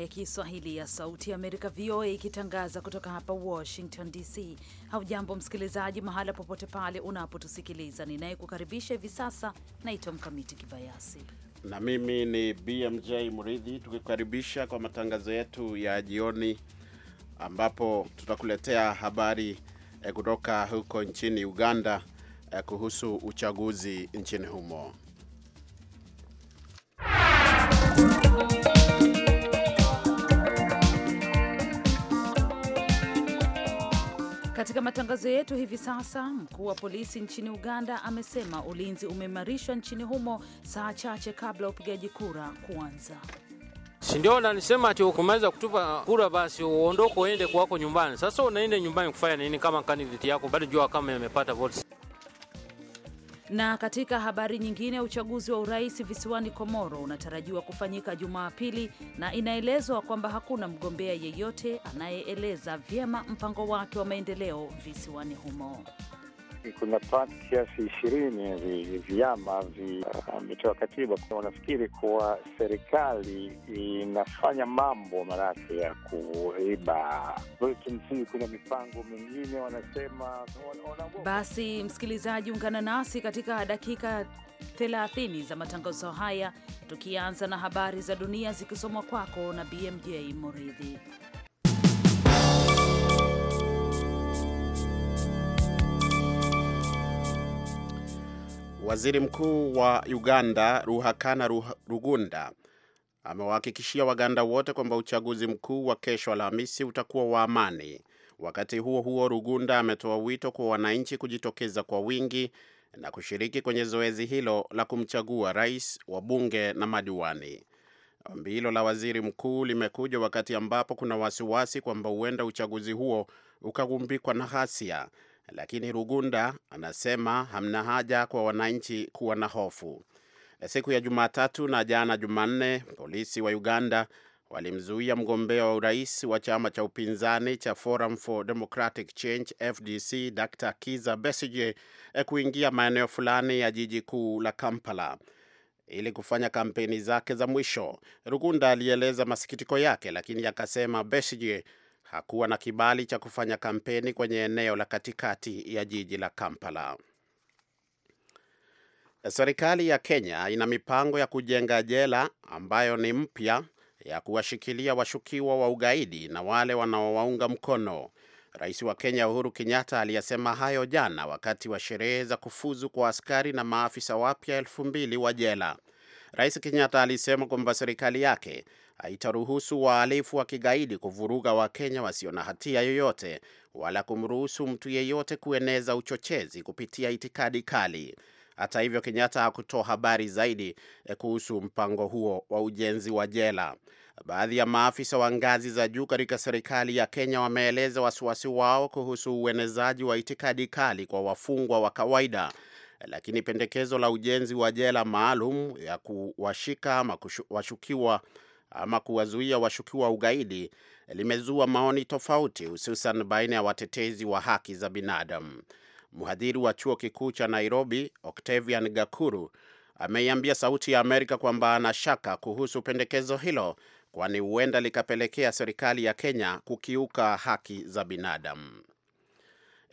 ya Kiswahili ya Sauti ya Amerika, VOA, ikitangaza kutoka hapa Washington DC. Haujambo msikilizaji, mahala popote pale unapotusikiliza. Ninayekukaribisha hivi sasa naitwa Mkamiti Kibayasi na mimi ni BMJ mridhi tukikukaribisha kwa matangazo yetu ya jioni, ambapo tutakuletea habari eh, kutoka huko nchini Uganda eh, kuhusu uchaguzi nchini humo. Katika matangazo yetu hivi sasa, mkuu wa polisi nchini Uganda amesema ulinzi umeimarishwa nchini humo saa chache kabla ya upigaji kura kuanza. Si ndio nanisema ati ukimaliza kutupa kura basi uondoke uende kwako nyumbani. Sasa unaenda nyumbani kufanya nini kama kandidati yako bado jua kama amepata votes? Na katika habari nyingine, uchaguzi wa urais visiwani Komoro unatarajiwa kufanyika Jumapili na inaelezwa kwamba hakuna mgombea yeyote anayeeleza vyema mpango wake wa maendeleo visiwani humo kuna pati kiasi ishirini vyama vimetoa uh, katiba. Wanafikiri kuwa serikali inafanya mambo manake ya kuiba. Kimsingi kuna mipango mingine wanasema. Basi msikilizaji, ungana nasi katika dakika 30 za matangazo haya, tukianza na habari za dunia zikisomwa kwako na BMJ Moridhi. Waziri Mkuu wa Uganda Ruhakana Rugunda amewahakikishia Waganda wote kwamba uchaguzi mkuu wa kesho Alhamisi utakuwa wa amani. Wakati huo huo, Rugunda ametoa wito kwa wananchi kujitokeza kwa wingi na kushiriki kwenye zoezi hilo la kumchagua rais, wabunge na madiwani. Ombi hilo la waziri mkuu limekuja wakati ambapo kuna wasiwasi kwamba huenda uchaguzi huo ukagumbikwa na ghasia lakini Rugunda anasema hamna haja kwa wananchi kuwa na hofu. Siku ya Jumatatu na jana Jumanne, polisi wa Uganda walimzuia mgombea wa urais wa chama cha upinzani cha Forum for Democratic Change FDC Dr. Kiza Besige eh, kuingia maeneo fulani ya jiji kuu la Kampala ili kufanya kampeni zake za mwisho. Rugunda alieleza masikitiko yake, lakini akasema Besige hakuwa na kibali cha kufanya kampeni kwenye eneo la katikati ya jiji la Kampala. Serikali ya Kenya ina mipango ya kujenga jela ambayo ni mpya ya kuwashikilia washukiwa wa ugaidi na wale wanaowaunga mkono. Rais wa Kenya Uhuru Kenyatta aliyesema hayo jana wakati wa sherehe za kufuzu kwa askari na maafisa wapya elfu mbili wa jela. Rais Kenyatta alisema kwamba serikali yake haitaruhusu wahalifu wa kigaidi kuvuruga Wakenya wasio na hatia yoyote wala kumruhusu mtu yeyote kueneza uchochezi kupitia itikadi kali. Hata hivyo, Kenyatta hakutoa habari zaidi eh, kuhusu mpango huo wa ujenzi wa jela. Baadhi ya maafisa wa ngazi za juu katika serikali ya Kenya wameeleza wasiwasi wao kuhusu uenezaji wa itikadi kali kwa wafungwa wa kawaida, lakini pendekezo la ujenzi wa jela maalum ya kuwashika ama washukiwa ama kuwazuia washukiwa ugaidi limezua maoni tofauti, hususan baina ya watetezi wa haki za binadamu. Mhadhiri wa chuo kikuu cha Nairobi, Octavian Gakuru, ameiambia Sauti ya Amerika kwamba ana shaka kuhusu pendekezo hilo, kwani huenda likapelekea serikali ya Kenya kukiuka haki za binadamu.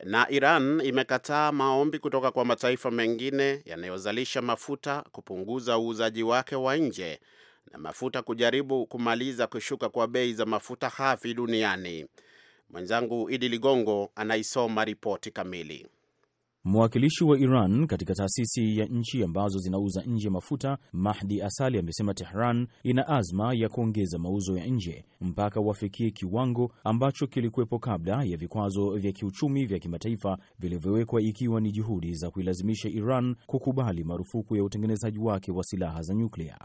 Na Iran imekataa maombi kutoka kwa mataifa mengine yanayozalisha mafuta kupunguza uuzaji wake wa nje na mafuta kujaribu kumaliza kushuka kwa bei za mafuta hafi duniani. Mwenzangu Idi Ligongo anaisoma ripoti kamili. Mwakilishi wa Iran katika taasisi ya nchi ambazo zinauza nje mafuta Mahdi Asali amesema Tehran ina azma ya kuongeza mauzo ya nje mpaka wafikie kiwango ambacho kilikuwepo kabla ya vikwazo vya kiuchumi vya kimataifa vilivyowekwa, ikiwa ni juhudi za kuilazimisha Iran kukubali marufuku ya utengenezaji wake wa silaha za nyuklia.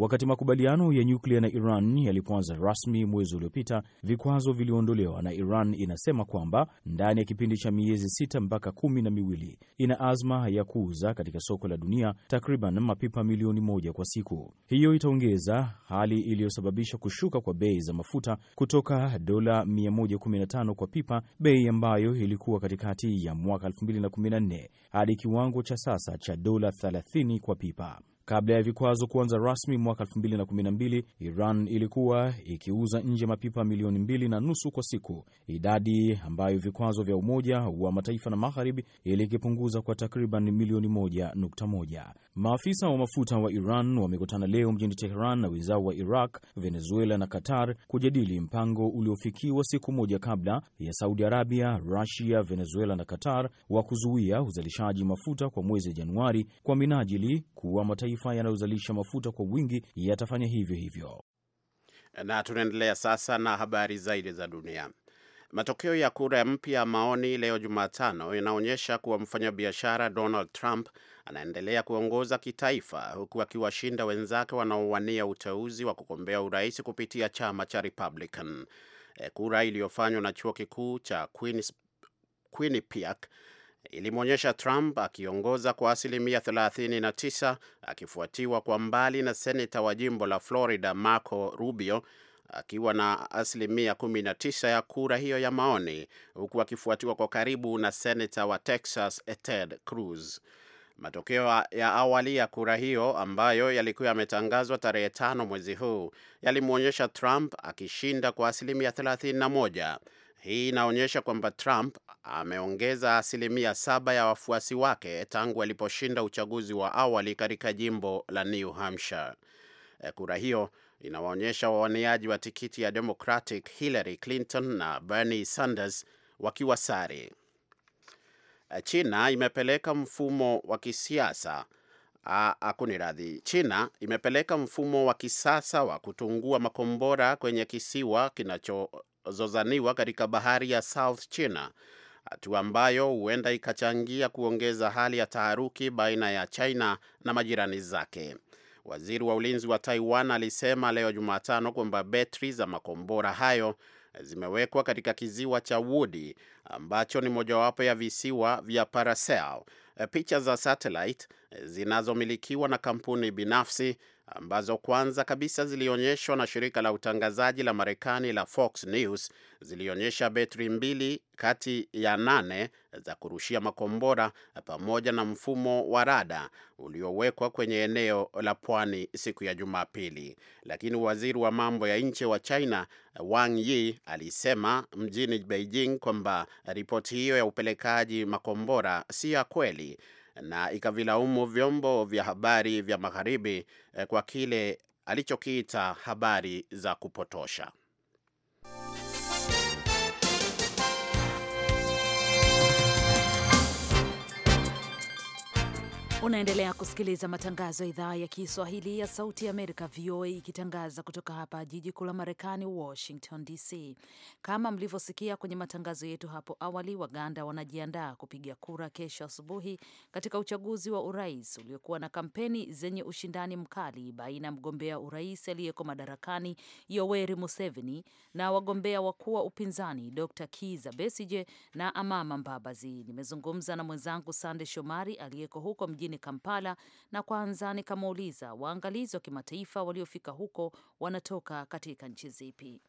Wakati makubaliano ya nyuklia na Iran yalipoanza rasmi mwezi uliopita, vikwazo viliondolewa na Iran inasema kwamba ndani ya kipindi cha miezi sita mpaka kumi na miwili ina azma ya kuuza katika soko la dunia takriban mapipa milioni moja kwa siku. Hiyo itaongeza hali iliyosababisha kushuka kwa bei za mafuta kutoka dola 115 kwa pipa, bei ambayo ilikuwa katikati ya mwaka 2014 hadi kiwango cha sasa cha dola 30 kwa pipa. Kabla ya vikwazo kuanza rasmi mwaka 2012, Iran ilikuwa ikiuza nje mapipa milioni mbili na nusu kwa siku, idadi ambayo vikwazo vya Umoja wa Mataifa na Magharibi ilikipunguza kwa takriban milioni moja nukta moja. Maafisa wa mafuta wa Iran wamekutana leo mjini Teheran na wenzao wa Iraq, Venezuela na Qatar kujadili mpango uliofikiwa siku moja kabla ya Saudi Arabia, Rusia, Venezuela na Qatar wa kuzuia uzalishaji mafuta kwa mwezi Januari kwa minajili kuwa mataifa mataifa yanayozalisha mafuta kwa wingi yatafanya hivyo hivyo. Na tunaendelea sasa na habari zaidi za dunia. Matokeo ya kura mpya ya maoni leo Jumatano yanaonyesha kuwa mfanyabiashara Donald Trump anaendelea kuongoza kitaifa huku akiwashinda wenzake wanaowania uteuzi wa kugombea urais kupitia chama cha Republican. Eh, kura iliyofanywa na chuo kikuu cha Quinnipiac ilimwonyesha Trump akiongoza kwa asilimia 39 akifuatiwa kwa mbali na seneta wa jimbo la Florida Marco Rubio akiwa na asilimia 19 ya kura hiyo ya maoni, huku akifuatiwa kwa karibu na seneta wa Texas Ted Cruz. Matokeo ya awali ya kura hiyo ambayo yalikuwa yametangazwa tarehe tano mwezi huu yalimwonyesha Trump akishinda kwa asilimia 31. Hii inaonyesha kwamba Trump ameongeza asilimia saba ya wafuasi wake tangu aliposhinda uchaguzi wa awali katika jimbo la New Hampshire. Eh, kura hiyo inawaonyesha wawaniaji wa tikiti ya Democratic Hillary Clinton na Bernie Sanders wakiwa sare. Eh, China imepeleka mfumo wa kisiasa radhi. China imepeleka mfumo wa kisasa wa kutungua makombora kwenye kisiwa kinacho zinazozozaniwa katika bahari ya South China, hatua ambayo huenda ikachangia kuongeza hali ya taharuki baina ya China na majirani zake. Waziri wa ulinzi wa Taiwan alisema leo Jumatano kwamba betri za makombora hayo zimewekwa katika kiziwa cha Wudi ambacho ni mojawapo ya visiwa vya Paracel. Picha za satellite zinazomilikiwa na kampuni binafsi ambazo kwanza kabisa zilionyeshwa na shirika la utangazaji la Marekani la Fox News zilionyesha betri mbili kati ya nane za kurushia makombora pamoja na mfumo wa rada uliowekwa kwenye eneo la pwani siku ya Jumapili, lakini waziri wa mambo ya nje wa China Wang Yi alisema mjini Beijing kwamba ripoti hiyo ya upelekaji makombora si ya kweli na ikavilaumu vyombo vya habari vya magharibi eh, kwa kile alichokiita habari za kupotosha. Unaendelea kusikiliza matangazo ya idhaa ya Kiswahili ya Sauti ya Amerika, VOA, ikitangaza kutoka hapa jiji kuu la Marekani, Washington DC. Kama mlivyosikia kwenye matangazo yetu hapo awali, Waganda wanajiandaa kupiga kura kesho asubuhi katika uchaguzi wa urais uliokuwa na kampeni zenye ushindani mkali baina ya mgombea urais aliyeko madarakani Yoweri Museveni na wagombea wakuu wa upinzani Dr Kiza Besije na Amama Mbabazi. Nimezungumza na mwenzangu Sande Shomari aliyeko huko mjini mjini Kampala na kwanza nikamuuliza waangalizi wa kimataifa waliofika huko wanatoka katika nchi zipi.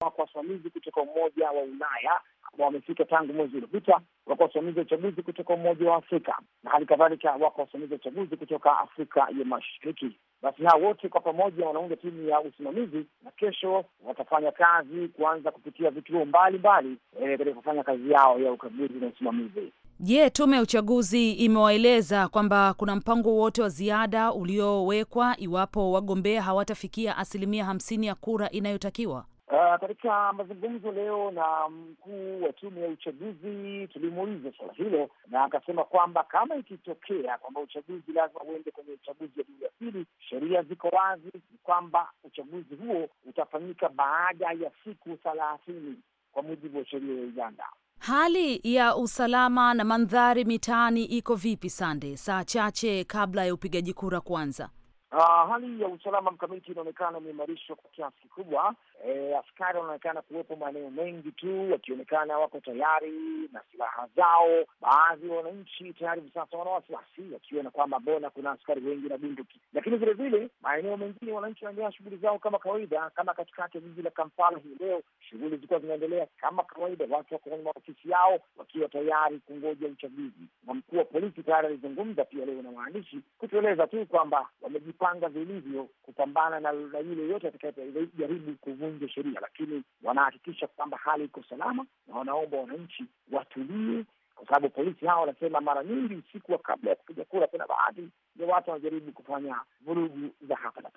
Wako wasimamizi kutoka Umoja wa Ulaya ambao wamefika tangu mwezi uliopita, wako wasimamizi wa uchaguzi kutoka Umoja wa Afrika na hali kadhalika, wako wasimamizi wa uchaguzi kutoka Afrika ya Mashariki. Basi hao wote kwa pamoja wanaunda timu ya usimamizi, na kesho watafanya kazi kuanza kupitia vituo mbalimbali eh, katika kufanya kazi yao ya ukaguzi na usimamizi. Je, tume ya uchaguzi imewaeleza kwamba kuna mpango wote wa ziada uliowekwa iwapo wagombea hawatafikia asilimia hamsini ya kura inayotakiwa? Uh, katika mazungumzo leo na mkuu wa tume ya uchaguzi tulimuuliza suala hilo, na akasema kwamba kama ikitokea kwamba uchaguzi lazima uende kwenye uchaguzi wa duru ya pili, sheria ziko wazi kwamba uchaguzi huo utafanyika baada ya siku thelathini kwa mujibu wa sheria ya Uganda. Hali ya usalama na mandhari mitaani iko vipi, Sande, saa chache kabla ya upigaji kura kuanza? Uh, hali ya usalama mkamiti inaonekana imeimarishwa kwa kiasi kikubwa e, askari wanaonekana kuwepo maeneo mengi tu, wakionekana wako tayari na silaha zao. Baadhi ya wananchi tayari hivi sasa wana wasiwasi, wakiona kwamba bona kuna askari wengi na bunduki. Lakini vilevile maeneo mengine wananchi wanaendelea shughuli zao kama kawaida. Kama katikati ya jiji la Kampala hii leo, shughuli zilikuwa zinaendelea kama kawaida, watu wako kwenye maofisi yao wakiwa tayari kungoja uchaguzi. Na mkuu wa polisi tayari alizungumza pia leo na waandishi kutueleza tu kwamba wamejipanga vilivyo kupambana na yule yote atakayejaribu kuvunja nje ya sheria, lakini wanahakikisha kwamba hali iko salama na wanaomba wananchi watulie, kwa sababu polisi hao wanasema mara nyingi usiku wa kabla ya kupiga kura, kuna baadhi ya watu wanajaribu kufanya vurugu za hapa na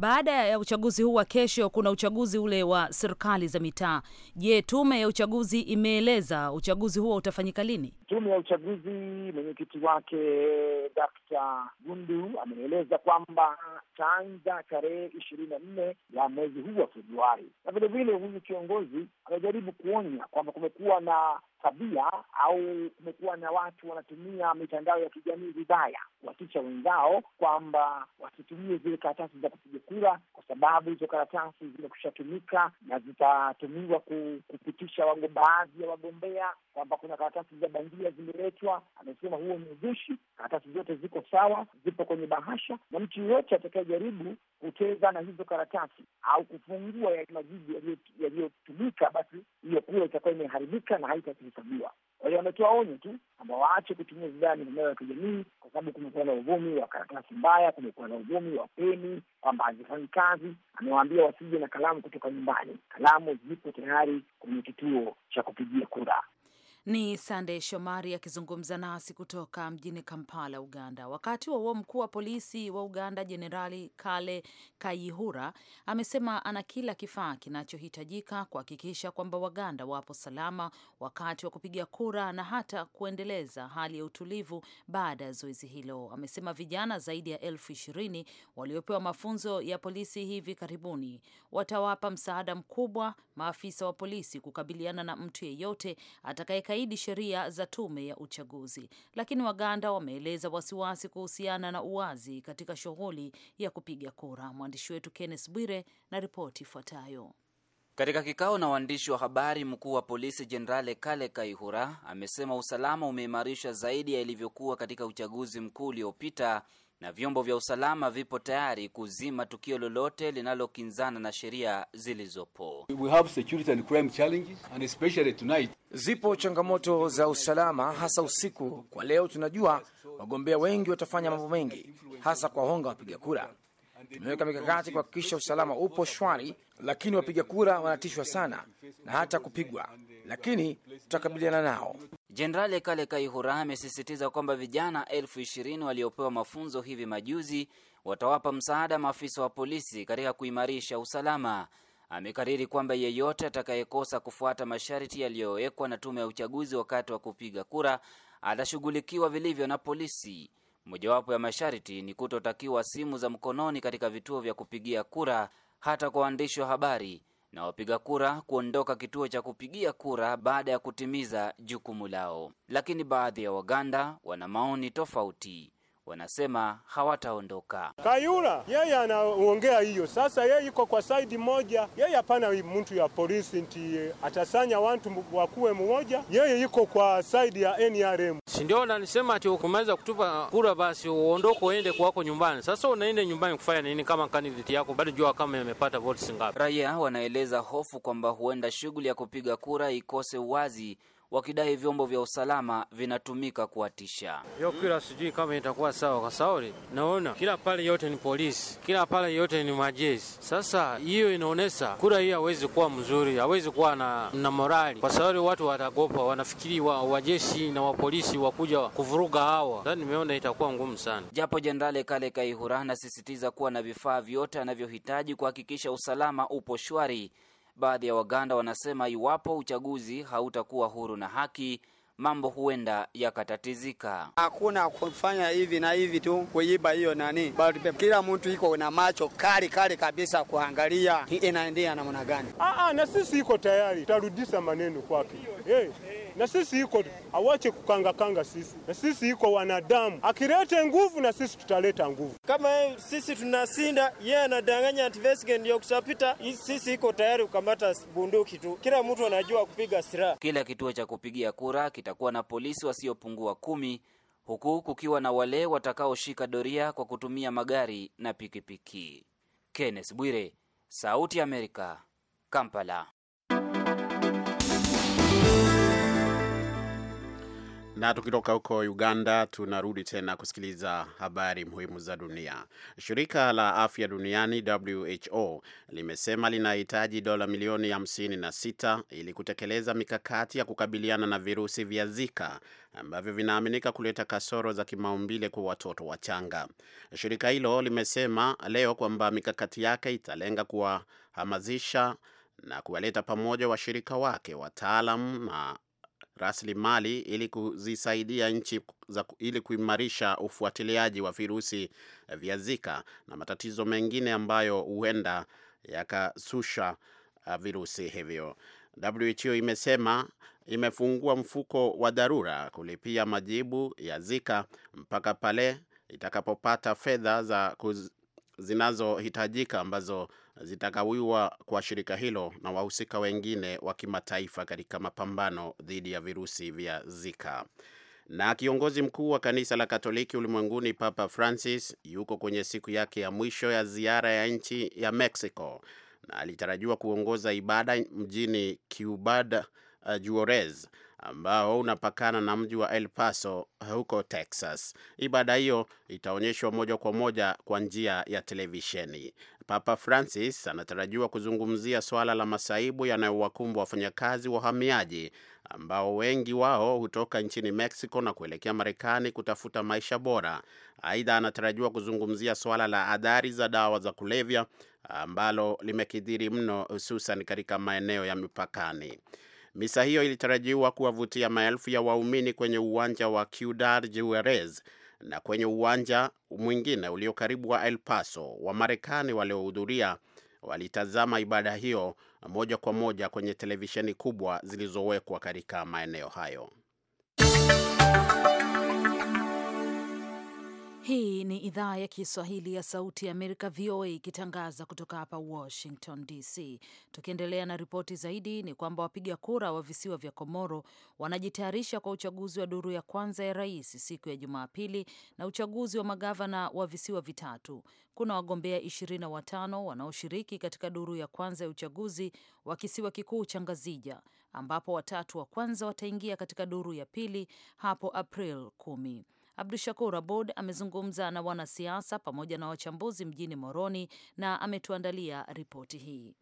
baada ya uchaguzi huu wa kesho, kuna uchaguzi ule wa serikali za mitaa. Je, tume ya uchaguzi imeeleza uchaguzi huo utafanyika lini? Tume ya uchaguzi mwenyekiti wake Dr. Gundu ameeleza kwamba taanza tarehe ishirini na nne ya mwezi huu wa Februari, na vilevile huyu kiongozi anajaribu kuonya kwamba kumekuwa na tabia au kumekuwa na watu wanatumia mitandao ya kijamii vibaya, kuwatisha wenzao kwamba wasitumie zile karatasi za kupiga kura, kwa sababu hizo karatasi zimekushatumika na zitatumiwa kupitisha baadhi ya wagombea kwamba kuna karatasi za bandia zimeletwa. Amesema huo ni uzushi, karatasi zote ziko sawa, zipo kwenye bahasha, na mtu yoyote atakayejaribu kucheza na hizo karatasi au kufungua yale majibu yaliyotumika, basi hiyo kura itakuwa imeharibika na haitahesabiwa. Kwa hiyo wametoa onyo tu kwamba waache kutumia vibaya mitandao ya kijamii, kwa sababu kumekuwa na uvumi wa karatasi mbaya, kumekuwa na uvumi wa peni kwamba hazifanyi kazi. Amewaambia wasije na kalamu kutoka nyumbani, kalamu zipo tayari kwenye kituo cha kupigia kura. Ni Sandey Shomari akizungumza nasi kutoka mjini Kampala, Uganda. Wakati wa huo mkuu wa polisi wa Uganda Jenerali Kale Kayihura amesema ana kila kifaa kinachohitajika kuhakikisha kwamba Waganda wapo salama wakati wa kupiga kura na hata kuendeleza hali ya utulivu baada ya zoezi hilo. Amesema vijana zaidi ya elfu ishirini waliopewa mafunzo ya polisi hivi karibuni watawapa msaada mkubwa maafisa wa polisi kukabiliana na mtu yeyote atakaye imekaidi sheria za tume ya uchaguzi, lakini Waganda wameeleza wasiwasi kuhusiana na uwazi katika shughuli ya kupiga kura. Mwandishi wetu Kenneth Bwire na ripoti ifuatayo. Katika kikao na waandishi wa habari, mkuu wa polisi Jenerali Kale Kaihura amesema usalama umeimarisha zaidi ya ilivyokuwa katika uchaguzi mkuu uliopita, na vyombo vya usalama vipo tayari kuzima tukio lolote linalokinzana na sheria zilizopo. We have security and crime challenges and especially tonight. Zipo changamoto za usalama hasa usiku. Kwa leo tunajua wagombea wengi watafanya mambo mengi, hasa kwa honga wapiga kura. Tumeweka mikakati kuhakikisha usalama upo shwari, lakini wapiga kura wanatishwa sana na hata kupigwa lakini tutakabiliana nao. Jenerali Kale Kaihura amesisitiza kwamba vijana elfu ishirini waliopewa mafunzo hivi majuzi watawapa msaada maafisa wa polisi katika kuimarisha usalama. Amekariri kwamba yeyote atakayekosa kufuata masharti yaliyowekwa na tume ya uchaguzi wakati wa kupiga kura atashughulikiwa vilivyo na polisi. Mojawapo ya masharti ni kutotakiwa simu za mkononi katika vituo vya kupigia kura, hata kwa waandishi wa habari na wapiga kura kuondoka kituo cha kupigia kura baada ya kutimiza jukumu lao. Lakini baadhi ya Waganda wana maoni tofauti wanasema hawataondoka. Kayura yeye anaongea hiyo sasa, yeye iko kwa saidi moja, yeye hapana mtu ya polisi nti eh, atasanya wantu wakuwe mmoja, yeye iko kwa saidi ya NRM. Si ndio nanisema ati ukumaliza kutupa kura basi uondoke uende kwako nyumbani. Sasa unaenda nyumbani kufanya nini kama candidate yako bado jua kama yamepata votes ngapi? Raia wanaeleza hofu kwamba huenda shughuli ya kupiga kura ikose wazi wakidai vyombo vya usalama vinatumika kuwatisha. Hiyo kila sijui kama itakuwa sawa, kwa sauri naona kila pale yote ni polisi, kila pale yote ni majeshi. Sasa hiyo inaonesa kura hii hawezi kuwa mzuri, hawezi kuwa na, na morali, kwa sauri watu watagopa, wanafikiri wa wajeshi na wapolisi wakuja kuvuruga hawa. Sasa nimeona itakuwa ngumu sana, japo Jenerali Kale Kaihura anasisitiza kuwa na vifaa vyote anavyohitaji kuhakikisha usalama upo shwari Baadhi ya Waganda wanasema iwapo uchaguzi hautakuwa huru na haki, mambo huenda yakatatizika. Hakuna kufanya hivi na hivi tu kuiba hiyo nani, bali kila mtu iko na macho kali kali kabisa kuangalia inaendea namna gani. Ah, ah na sisi iko tayari, tutarudisha maneno kwake. Hey. Eh na sisi iko, awache kukangakanga sisi, na sisi iko wanadamu. Akilete nguvu na sisi tutaleta nguvu. Kama sisi tunasinda, yeye anadanganya ati Besigye ndio kutapita, sisi iko tayari kukamata bunduki tu. Kila mtu anajua kupiga silaha. Kila kituo cha kupigia kura kitakuwa na polisi wasiopungua kumi huku kukiwa na wale watakaoshika doria kwa kutumia magari na pikipiki. Kenneth Bwire, Sauti ya Amerika, Kampala. Na tukitoka huko Uganda, tunarudi tena kusikiliza habari muhimu za dunia. Shirika la afya duniani WHO limesema linahitaji dola milioni 56 ili kutekeleza mikakati ya kukabiliana na virusi vya Zika ambavyo vinaaminika kuleta kasoro za kimaumbile kwa watoto wachanga. Shirika hilo limesema leo kwamba mikakati yake italenga kuwahamazisha na kuwaleta pamoja washirika wake wataalam na rasilimali ili kuzisaidia nchi za, ili kuimarisha ufuatiliaji wa virusi vya Zika na matatizo mengine ambayo huenda yakasusha ah, virusi hivyo. WHO imesema imefungua mfuko wa dharura kulipia majibu ya Zika mpaka pale itakapopata fedha za kuz, zinazohitajika ambazo zitagawiwa kwa shirika hilo na wahusika wengine wa kimataifa katika mapambano dhidi ya virusi vya Zika. Na kiongozi mkuu wa kanisa la Katoliki ulimwenguni Papa Francis yuko kwenye siku yake ya mwisho ya ziara ya nchi ya Mexico na alitarajiwa kuongoza ibada mjini Ciudad uh, Juarez ambao unapakana na mji wa El Paso huko Texas. Ibada hiyo itaonyeshwa moja kwa moja kwa njia ya televisheni. Papa Francis anatarajiwa kuzungumzia swala la masaibu yanayowakumbwa wafanyakazi wahamiaji ambao wengi wao hutoka nchini Mexico na kuelekea Marekani kutafuta maisha bora. Aidha, anatarajiwa kuzungumzia swala la adhari za dawa za kulevya ambalo limekidhiri mno, hususan katika maeneo ya mipakani. Misa hiyo ilitarajiwa kuwavutia maelfu ya waumini kwenye uwanja wa Ciudad Juarez na kwenye uwanja mwingine ulio karibu wa El Paso, Wamarekani waliohudhuria walitazama ibada hiyo moja kwa moja kwenye televisheni kubwa zilizowekwa katika maeneo hayo. Hii ni idhaa ya Kiswahili ya Sauti ya Amerika, VOA, ikitangaza kutoka hapa Washington DC. Tukiendelea na ripoti zaidi, ni kwamba wapiga kura wa visiwa vya Komoro wanajitayarisha kwa uchaguzi wa duru ya kwanza ya rais siku ya Jumapili na uchaguzi wa magavana wa visiwa vitatu. Kuna wagombea 2 na watano wanaoshiriki katika duru ya kwanza ya uchaguzi wa kisiwa kikuu cha Ngazija, ambapo watatu wa kwanza wataingia katika duru ya pili hapo April kumi. Abdu Shakur Abud amezungumza na wanasiasa pamoja na wachambuzi mjini Moroni na ametuandalia ripoti hii.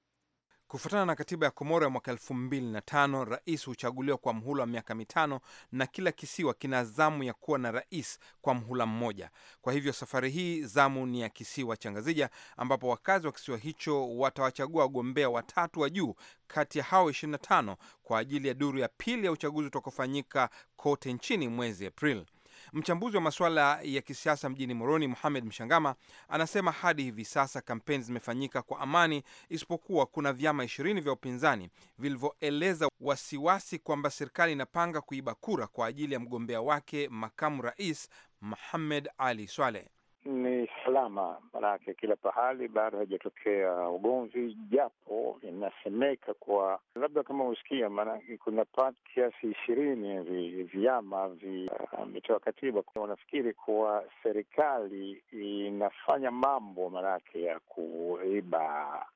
Kufuatana na katiba ya Komoro ya mwaka elfu mbili na tano, rais huchaguliwa kwa mhula wa miaka mitano na kila kisiwa kina zamu ya kuwa na rais kwa mhula mmoja. Kwa hivyo safari hii zamu ni ya kisiwa cha Ngazija, ambapo wakazi wa kisiwa hicho watawachagua wagombea watatu wa juu kati ya hao 25 kwa ajili ya duru ya pili ya uchaguzi utakaofanyika kote nchini mwezi Aprili. Mchambuzi wa masuala ya kisiasa mjini Moroni, Muhamed Mshangama, anasema hadi hivi sasa kampeni zimefanyika kwa amani, isipokuwa kuna vyama ishirini vya upinzani vilivyoeleza wasiwasi kwamba serikali inapanga kuiba kura kwa ajili ya mgombea wake makamu rais Muhamed Ali Swaleh ni salama, manake kila pahali bado haijatokea ugomvi, japo inasemeka kwa labda kama usikia, maanake kuna kiasi ishirini hivi vyama uh, vimetoa uh, katiba. Wanafikiri kuwa serikali inafanya mambo manake ya kuiba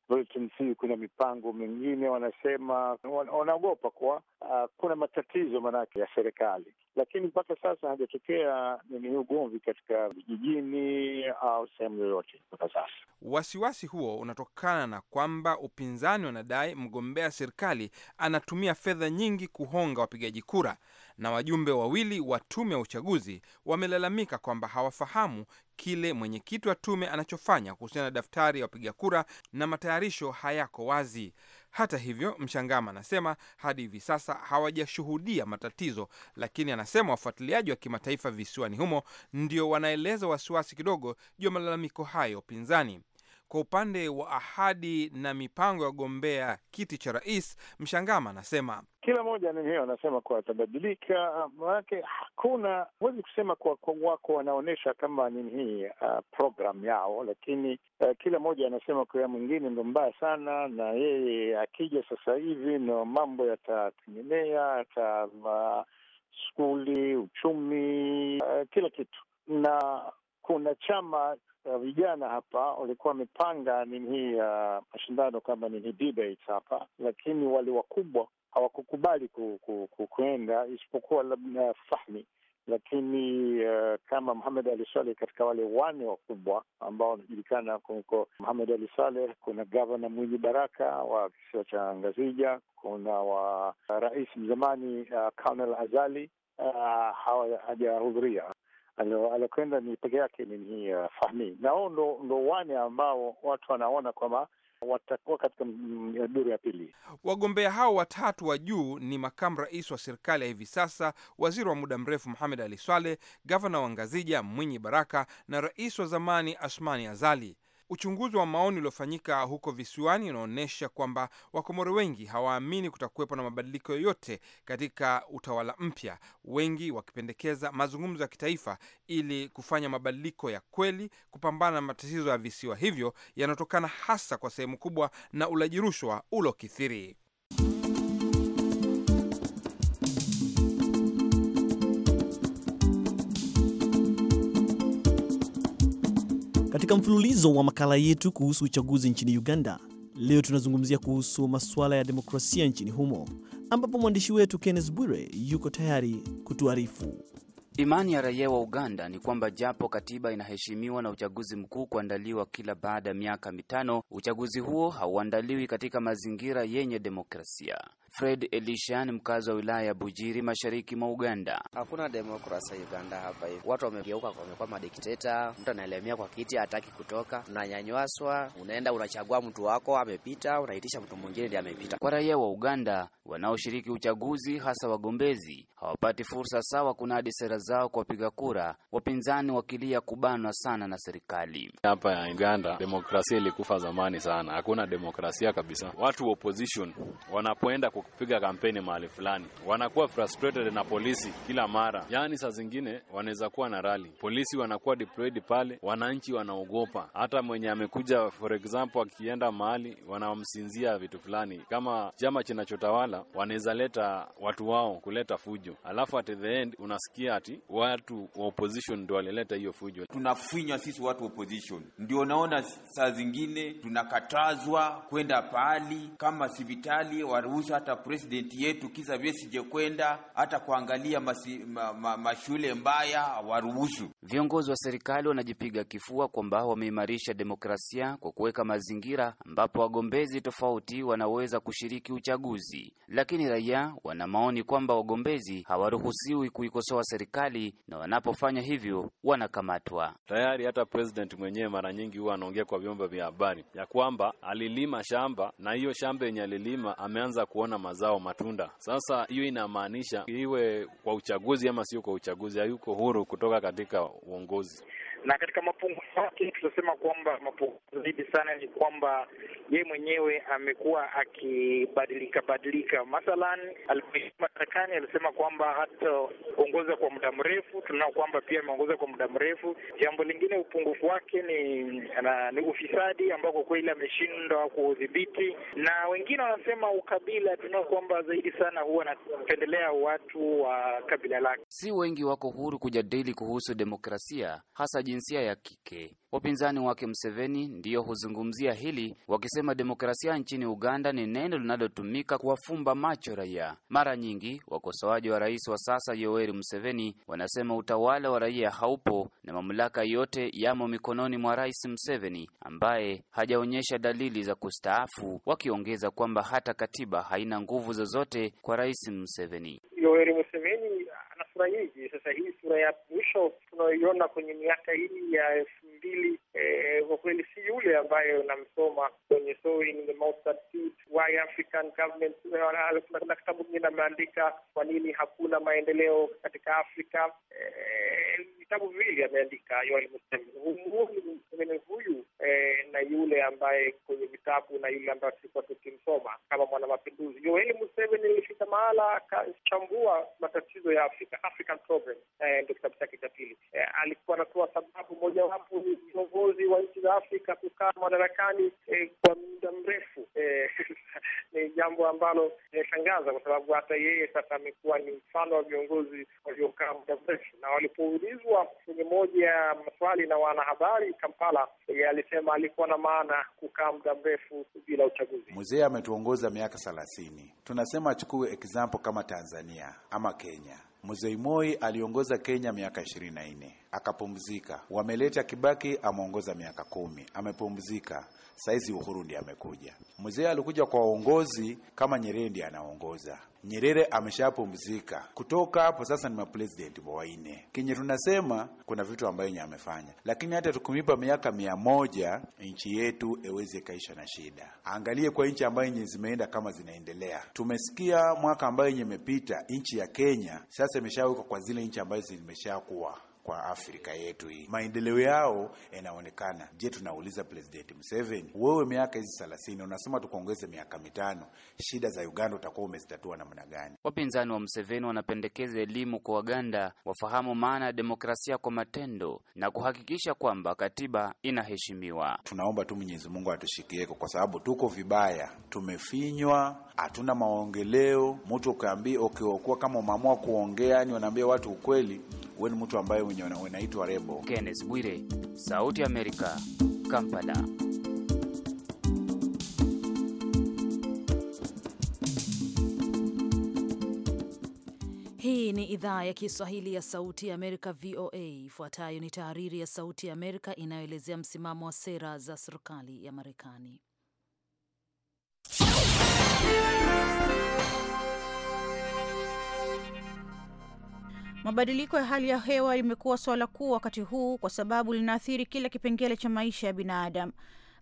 Kuna mipango mingine, wanasema wanaogopa kuwa uh, kuna matatizo manake ya serikali, lakini mpaka sasa hajatokea nini ugomvi katika vijijini au sehemu yoyote mpaka sasa. Wasiwasi huo unatokana na kwamba upinzani wanadai mgombea serikali anatumia fedha nyingi kuhonga wapigaji kura, na wajumbe wawili wa tume ya uchaguzi wamelalamika kwamba hawafahamu kile mwenyekiti wa tume anachofanya kuhusiana na daftari ya wapiga kura na matayarisho hayako wazi. Hata hivyo, Mshangama anasema hadi hivi sasa hawajashuhudia matatizo, lakini anasema wafuatiliaji wa kimataifa visiwani humo ndio wanaeleza wasiwasi kidogo juu ya malalamiko hayo pinzani. Kwa upande wa ahadi na mipango ya kugombea kiti cha rais, Mshangama anasema kila mmoja hiyo anasema kuwa atabadilika, manake hakuna huwezi kusema kwa, kwa wako wanaonyesha kama nini hii uh, program yao, lakini uh, kila mmoja anasema kwa mwingine ndo mbaya sana, na yeye akija sasa hivi ndo mambo yatatengemea ata uh, skuli, uchumi, uh, kila kitu na kuna chama uh, vijana hapa walikuwa wamepanga nini hii uh, mashindano kama nini hapa, lakini wale wakubwa hawakukubali ku, ku, ku, kuenda isipokuwa labda eh, Fahmi lakini uh, kama Muhamed Ali Saleh katika wale wane wakubwa ambao wanajulikana kuko Muhamed Ali Saleh, kuna gavana Mwinyi Baraka wa kisiwa cha Ngazija, kuna wa rais mzamani Colonel Azali uh, hajahudhuria alokwenda ni peke yake ni uh, Fahmi, na wao ndo, ndo wane ambao watu wanaona kwamba watakuwa katika mm, duru ya pili. Wagombea hao watatu wa juu ni makamu rais wa serikali ya hivi sasa, waziri wa muda mrefu Muhamed Ali Swaleh, gavana wa Ngazija Mwinyi Baraka na rais wa zamani Asmani Azali. Uchunguzi wa maoni uliofanyika huko visiwani unaonyesha kwamba Wakomoro wengi hawaamini kutakuwepo na mabadiliko yoyote katika utawala mpya, wengi wakipendekeza mazungumzo ya kitaifa ili kufanya mabadiliko ya kweli, kupambana na matatizo ya visiwa hivyo yanayotokana hasa kwa sehemu kubwa na ulaji rushwa ulokithiri. Katika mfululizo wa makala yetu kuhusu uchaguzi nchini Uganda, leo tunazungumzia kuhusu masuala ya demokrasia nchini humo, ambapo mwandishi wetu kennes Bwire yuko tayari kutuarifu. Imani ya raia wa Uganda ni kwamba japo katiba inaheshimiwa na uchaguzi mkuu kuandaliwa kila baada ya miaka mitano, uchaguzi huo hauandaliwi katika mazingira yenye demokrasia. Fred Elisha ni mkazi wa wilaya ya Bujiri, mashariki mwa Uganda. Hakuna demokrasia Uganda hapa hivi, watu wamegeuka, wamekuwa madikteta. Mtu anaelemea kwa kiti, hataki kutoka, unanyanywaswa Unaenda unachagua mtu wako amepita, unaitisha mtu mwingine ndiye amepita. Kwa raia wa Uganda wanaoshiriki uchaguzi, hasa wagombezi, hawapati fursa sawa kunadi sera zao kwa wapiga kura, wapinzani wakilia kubanwa sana na serikali. Hapa ya Uganda demokrasia ilikufa zamani sana, hakuna demokrasia kabisa. Watu wa opposition wanapoenda ku kupiga kampeni mahali fulani, wanakuwa frustrated na polisi kila mara. Yaani saa zingine wanaweza kuwa na rali, polisi wanakuwa deployed pale, wananchi wanaogopa. Hata mwenye amekuja for example, akienda mahali wanamsinzia vitu fulani, kama chama kinachotawala wanaweza leta watu wao kuleta fujo, alafu at the end unasikia ati watu wa opposition ndio walileta hiyo fujo. Tunafinywa sisi watu wa opposition, ndio naona saa zingine tunakatazwa kwenda pahali kama sivitali waruhusa hata hata presidenti yetu kisa vyesije kwenda hata kuangalia masi, ma, ma, mashule mbaya waruhusu. Viongozi wa serikali wanajipiga kifua kwamba wameimarisha demokrasia kwa kuweka mazingira ambapo wagombezi tofauti wanaweza kushiriki uchaguzi, lakini raia wana maoni kwamba wagombezi hawaruhusiwi kuikosoa serikali na wanapofanya hivyo wanakamatwa. Tayari hata president mwenyewe mara nyingi huwa anaongea kwa vyombo vya habari ya kwamba alilima shamba na hiyo shamba yenye alilima ameanza kuona mazao matunda. Sasa hiyo inamaanisha iwe kwa uchaguzi ama sio kwa uchaguzi, hayuko huru kutoka katika uongozi na katika mapungufu yake tunasema kwamba mapungufu zaidi sana ni kwamba yeye mwenyewe amekuwa akibadilika badilika. Mathalan, alipoingia madarakani alisema kwamba hataongoza kwa muda mrefu. Tunaona kwamba pia ameongoza kwa muda mrefu. Jambo lingine, upungufu wake ni na, ni ufisadi ambao kwa kweli ameshindwa kuudhibiti, na wengine wanasema ukabila. Tunaona kwamba zaidi sana huwa anapendelea watu wa kabila lake. Si wengi wako huru kujadili kuhusu demokrasia hasa jinsia ya kike. Wapinzani wake mseveni ndiyo huzungumzia hili wakisema demokrasia nchini Uganda ni neno linalotumika kuwafumba macho raia. Mara nyingi wakosoaji wa rais wa sasa Yoweri mseveni wanasema utawala wa raia haupo na mamlaka yote yamo mikononi mwa rais mseveni ambaye hajaonyesha dalili za kustaafu, wakiongeza kwamba hata katiba haina nguvu zozote kwa rais mseveni Yoweri Mseveni sura nyingi. Sasa hii sura ya mwisho tunayoiona kwenye miaka hii ya elfu mbili eh, kwa kweli si yule ambayo namsoma kwenye Sowing the Mustard Seed, Why African Governments. Eh, kuna kitabu kingine ameandika kwa nini hakuna maendeleo katika Afrika. Eh, vitabu viwili ameandika Yoweri Museveni huyu na yule ambaye kwenye vitabu na yule ambaye tulikuwa tukimsoma kama mwanamapinduzi Yoweri mahala akachambua matatizo ya Afrika, African problem, eh, ndio kitabu chake cha pili. Eh, alikuwa anatoa sababu mojawapo ni viongozi wa nchi za Afrika kukaa madarakani eh, kwa muda mrefu. Ni jambo ambalo linashangaza kwa sababu hata yeye sasa amekuwa ni mfano wa viongozi waliokaa muda mrefu, na walipoulizwa kwenye moja ya swali na wanahabari Kampala, alisema alikuwa na maana kukaa muda mrefu bila uchaguzi. Mzee ametuongoza miaka thelathini, tunasema achukue example kama Tanzania ama Kenya Mzee Moi aliongoza Kenya miaka 24 akapumzika. Wameleta Kibaki ameongoza miaka kumi amepumzika. Saizi Uhuru ndiye amekuja. Mzee alikuja kwa uongozi kama Nyerere ndiye anaongoza. Nyerere ameshapumzika. Kutoka hapo sasa ni mapresident wa wanne. Kenye tunasema kuna vitu ambayo amefanya, lakini hata tukimipa miaka mia moja nchi yetu iweze kaisha na shida. Angalie kwa nchi ambayo zimeenda kama zinaendelea. Tumesikia mwaka ambayo imepita nchi ya Kenya sasa sasa imeshawekwa kwa zile nchi ambazo zimeshakuwa kwa Afrika yetu hii, maendeleo yao yanaonekana. Je, tunauliza President Museveni, wewe miaka hizi thelathini unasema tukuongeze miaka mitano, shida za Uganda utakuwa umezitatua namna gani? Wapinzani wa Museveni wanapendekeza elimu kwa Waganda wafahamu maana ya demokrasia kwa matendo na kuhakikisha kwamba katiba inaheshimiwa. Tunaomba tu Mwenyezi Mungu atushikieko, kwa sababu tuko vibaya, tumefinywa, hatuna maongeleo. Mtu ukiambia ukiokuwa kama umeamua kuongea, yani wanaambia watu ukweli wewe ni mtu ambaye unaitwa rebo. Kenneth Bwire, Sauti ya Amerika, Kampala. Hii ni idhaa ya Kiswahili ya Sauti ya Amerika, VOA. Ifuatayo ni tahariri ya Sauti ya Amerika inayoelezea msimamo wa sera za serikali ya Marekani. Mabadiliko ya hali ya hewa limekuwa swala kuu wakati huu kwa sababu linaathiri kila kipengele cha maisha ya binadamu.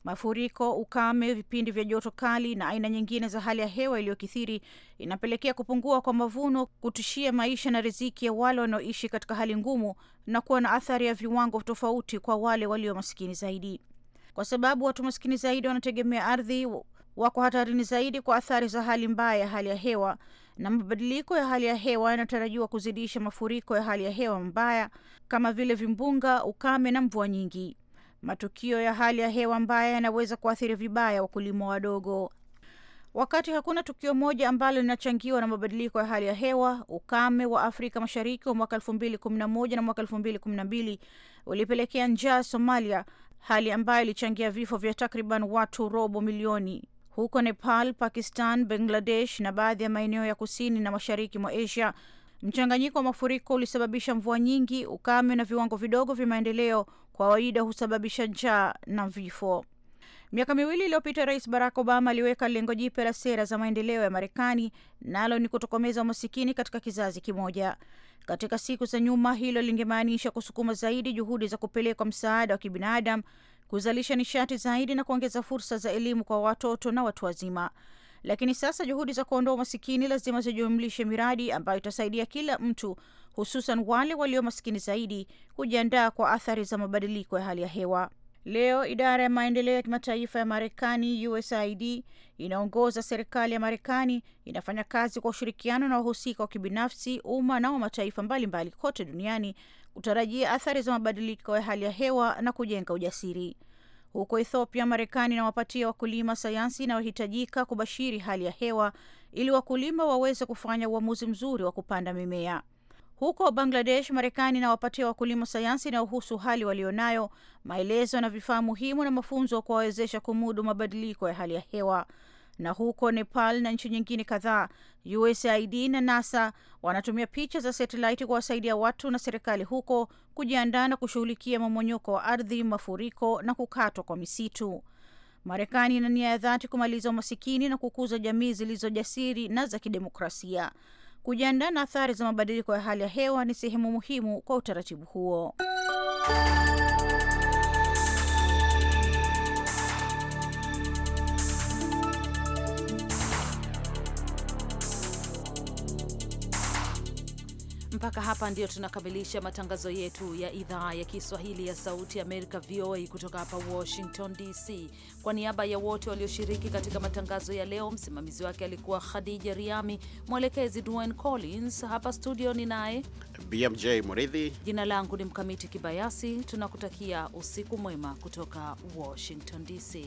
Mafuriko, ukame, vipindi vya joto kali na aina nyingine za hali ya hewa iliyokithiri inapelekea kupungua kwa mavuno, kutishia maisha na riziki ya wale wanaoishi katika hali ngumu na kuwa na athari ya viwango tofauti kwa wale walio masikini zaidi. Kwa sababu watu masikini zaidi wanategemea ardhi, wako hatarini zaidi kwa athari za hali mbaya ya hali ya hewa na mabadiliko ya hali ya hewa yanatarajiwa kuzidisha mafuriko ya hali ya hewa mbaya kama vile vimbunga, ukame na mvua nyingi. Matukio ya hali ya hewa mbaya yanaweza kuathiri vibaya wakulima wadogo. Wakati hakuna tukio moja ambalo linachangiwa na mabadiliko ya hali ya hewa, ukame wa Afrika Mashariki wa mwaka elfu na mwaka elfu ulipelekea njaa Somalia, hali ambayo ilichangia vifo vya takriban watu robo milioni huko Nepal, Pakistan, Bangladesh na baadhi ya maeneo ya kusini na mashariki mwa Asia. Mchanganyiko wa mafuriko ulisababisha mvua nyingi, ukame na viwango vidogo vya maendeleo, kwa kawaida husababisha njaa na vifo. Miaka miwili iliyopita, Rais Barack Obama aliweka lengo jipya la sera za maendeleo ya Marekani, nalo ni kutokomeza umasikini katika kizazi kimoja. Katika siku za nyuma, hilo lingemaanisha kusukuma zaidi juhudi za kupelekwa msaada wa kibinadamu kuzalisha nishati zaidi na kuongeza fursa za elimu kwa watoto na watu wazima. Lakini sasa juhudi za kuondoa umasikini lazima zijumlishe miradi ambayo itasaidia kila mtu, hususan wale walio masikini zaidi, kujiandaa kwa athari za mabadiliko ya hali ya hewa. Leo idara ya maendeleo ya kimataifa ya Marekani, USAID, inaongoza serikali ya Marekani inafanya kazi kwa ushirikiano na wahusika wa kibinafsi, umma na wa mataifa mbalimbali kote duniani kutarajia athari za mabadiliko ya hali ya hewa na kujenga ujasiri. Huko Ethiopia, Marekani inawapatia wakulima sayansi inayohitajika kubashiri hali ya hewa ili wakulima waweze kufanya uamuzi mzuri wa kupanda mimea. Huko Bangladesh, Marekani inawapatia wakulima sayansi inayohusu hali walionayo, maelezo na vifaa muhimu na mafunzo kuwawezesha kumudu mabadiliko ya hali ya hewa. Na huko Nepal na nchi nyingine kadhaa, USAID na NASA wanatumia picha za satelaiti kuwasaidia watu na serikali huko kujiandaa na kushughulikia mamonyoko wa ardhi, mafuriko na kukatwa kwa misitu. Marekani ina nia ya dhati kumaliza umasikini na kukuza jamii zilizojasiri na za kidemokrasia. Kujiandaa na athari za mabadiliko ya hali ya hewa ni sehemu muhimu kwa utaratibu huo. mpaka hapa ndio tunakamilisha matangazo yetu ya idhaa ya Kiswahili ya Sauti ya Amerika, VOA, kutoka hapa Washington DC. Kwa niaba ya wote walioshiriki katika matangazo ya leo, msimamizi wake alikuwa Khadija Riami, mwelekezi Dwayne Collins. Hapa studio ni naye BMJ Muridhi. Jina langu ni Mkamiti Kibayasi. Tunakutakia usiku mwema kutoka Washington DC.